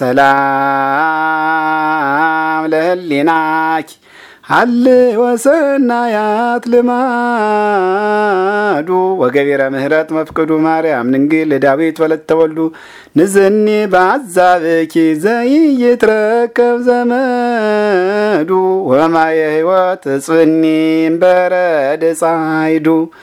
ሰላም ለህሊናኪ አል ወሰናያት ልማዱ ወገቢረ ምህረት መፍቅዱ ማርያም ለዳዊት ዳዊት ተወልዱ ንዝኒ በአዛብኪ ዘይትረከብ ዘመዱ ወማየ ህይወት እጽኒ እምበረድ ፀሐይዱ